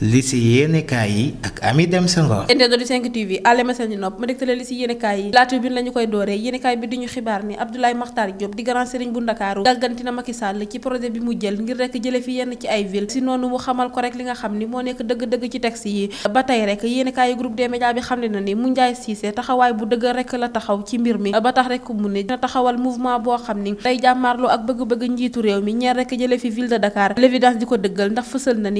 li si yéenekaay yi ak Ami Dem Senghor. internet du 5 nopp ma dégtale li si yéenekaay yi laata bi la ñu koy dooree yéenekaay bi di ñu xibaar ni Abdoulaye Makhtar Diop di grand sëriñ bu Ndakaaru gàggantina Macky Sall ci projet bi mu jël ngir rek jële fi yenn ci ay ville si noonu mu xamal ko rek li nga xam ni moo nekk dëgg-dëgg ci texte yi ba tey rek yéenekaay yi group des médias bi xam ne na ni mu njaay siise taxawaay bu dëgg rek la taxaw ci mbir mi ba tax rek mu ne dina taxawal mouvement boo xam ni day jàmmaarloo ak bëgg-bëgg njiitu réew mi ñeer rek jële fi ville de Dakar di ko dëggal ndax fësal na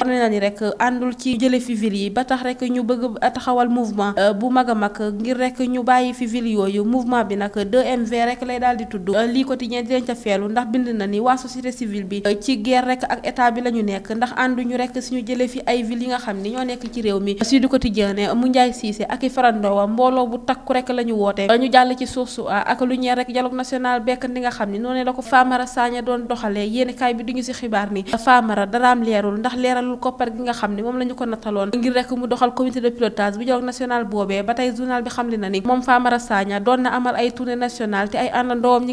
xam ne na ni rek àndul ci jële fi ville yi ba tax rek ñu bëgg taxawal mouvement euh, bu mag a mag ngir rek ñu bàyyi fi ville yooyu mouvement bi nag 2MV rek lay daal di tudd euh, lii quotidien dinañ ca feelu ndax bind na ni waa société civile bi euh, ci guerre rek ak état bi la ñu nekk ndax ànduñu rek suñu jële fi ay ville yi nga xam ni ñoo nekk ci réew mi Sud Quotidien ne mu njaay siise ak i farandowa mbooloo bu takku rek la ñu woote ñu jàll ci source a ak lu ñeer rek dialogue national bekk ni nga xam ni noonu la ko Famara Sagna doon doxalee yéen kaay bi duñu si xibaar ni Famara daraam nattalul koppar gi nga xam ne moom la ñu ko nattaloon ngir rek mu doxal comité de pilotage bu dialogue national boobee ba tey journal bi xam le na ni moom Famara nga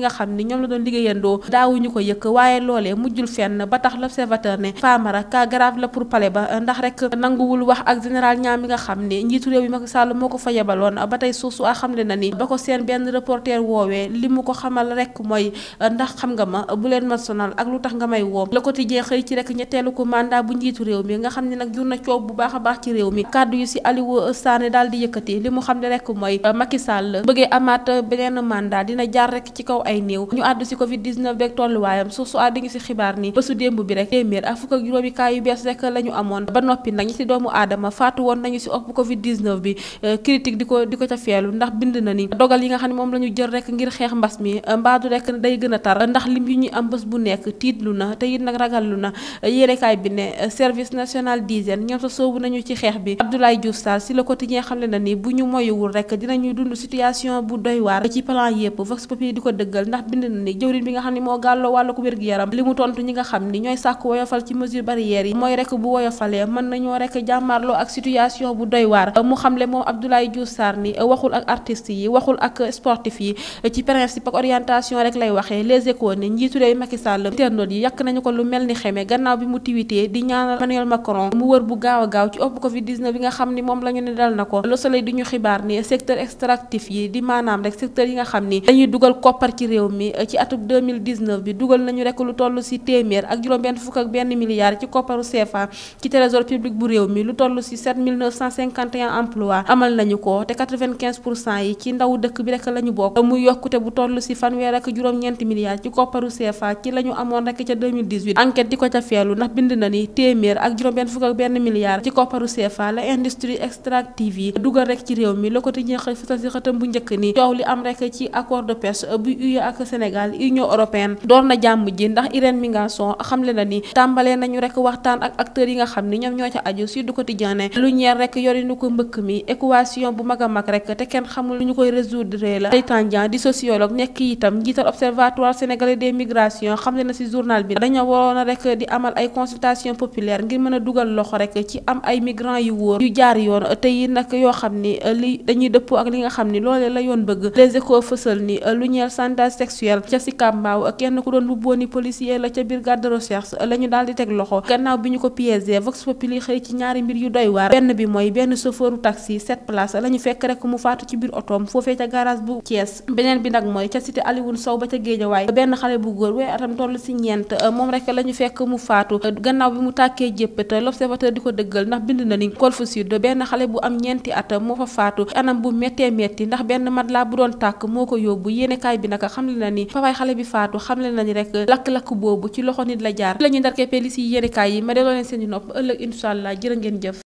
xam ni ñoom la doon liggéeyandoo daawuñu ko yëkk waaye loolee mujjul fenn ba tax l'observateur ne Famara cas la pour palais ba ndax rek nanguwul wax ak général ñaam bi nga xam ne njiitu réew bi Macky Sall moo ko fa yebaloon ba tey suuf su a xam le na ni li mu ko xamal rek mooy ndax xam nga ma bu leen ma sonal ak lu tax nga may woo Le Quotidien ko mandat réew mi nga xam ne nag jur na coow bu baax a baax ci réew mi kàddu yu si Aliou Sané daal yëkkati li mu xam ne rek mooy euh, Macky Sall bëggee amaat beneen mandat dina jaar rek ci kaw ay néew ñu àddu si Covid 19 beeg tolluwaayam su su àddu si xibaar ni bésu démb bi rek téeméer a fukk ak yu bees rek la ñu amoon ba noppi nag ñi si doomu aadama faatu woon nañu si op Covid 19 bi euh, critique di ko di ko ca feelu ndax bind na ni dogal euh, a service national d'hygiène ñoom sa soobu nañu ci xeex bi Abdoulaye Diouf Sarr si le quotidien xamle na ni bu ñu moyuwul rek dinañu dund situation bu doy ci plan yëpp vox populi di ko dëggal ndax bind na ni jëwriñ bi nga xam ne moo gàlloo wàllu ko wér-gu-yaram li mu tontu ñi nga xam ni ñooy sàkk woyofal ci mesure barrières yi mooy rek bu woyofalee mën nañoo rek jàmmaarloo ak situation bu doy waar mu xamle moom Abdoulaye Diouf Sarr ni waxul ak artistes yi waxul ak sportif ni njiitu Emmanuel ci kopparu CFA ci trésor public bu réew mi lu toll si emplois amal nañu ko te yi ci ndaw dëkk bi rek la bokk muy yokkute bu toll si fanweer ak juróom-ñeenti milliards ci kopparu CFA ci la amoon rek ca 2018 di ko ca feelu ndax bind na ni téeméer téeméer ak juróom benn ci kopparu CFA la industrie extractive yi dugal rek ci réew mi Le Quotidien xëy fësal si xëtam bu njëkk ni coow li am rek ci accord de pêche bu UE ak Sénégal Union européenne door na jàmm ji ndax Irène Mingasson xamle na ni tàmbalee nañu rek waxtaan ak acteurs yi nga xam ni ñoom ñoo ca aju Sud Quotidien ne lu ñeer rek yorinu ko mbëkk mi équation bu mag mag rek te kenn xamul lu ñu koy résoudre la Tandian di sociologue nekk itam njiital observatoire sénégalais des migrations xamle na si journal bi dañoo waroon a rek di amal ay consultation populaire communautaire ngir mën a dugal loxo rek ci am ay migrants yu wóor yu jaar yoon te yi nag yoo xam ni euh, li dañuy dëppoo ak li nga xam ni loolee la yoon bëgg les échos fësal ni euh, lu ñeel chantage sexuel ca si kàmbaaw kenn ku doon bu booni policier la ca biir de recherche la lañu daal di teg loxo gannaaw bi ñu ko piégé vox populi xëy ci ñaari mbir yu doy waar benn bi mooy benn chauffeuru taxi sept place la ñu fekk rek mu faatu ci biir otoom foofee ca garage bu Thiès beneen bi nag mooy ca cité Alioune Sow ba ca Géejawaay benn xale bu góor wee atam toll si ñeent euh, moom rek la ñu fekk mu faatu ngay jéppata l'observateur di ko dëggal ndax bind na ni Golf Sud benn xale bu am ñeenti at moo fa faatu anam bu méttee métti ndax benn mat matelas bu doon tàkk moo ko yóbbu yéenekaay bi naka xamle na ni papaay xale bi faatu xamle na ni rek lakk-lakk boobu ci loxo nit la jaar la ñuy ndarkee pelis yi yi ma delloo leen seen i nopp ëllëg incha allah jërë ngeen jëf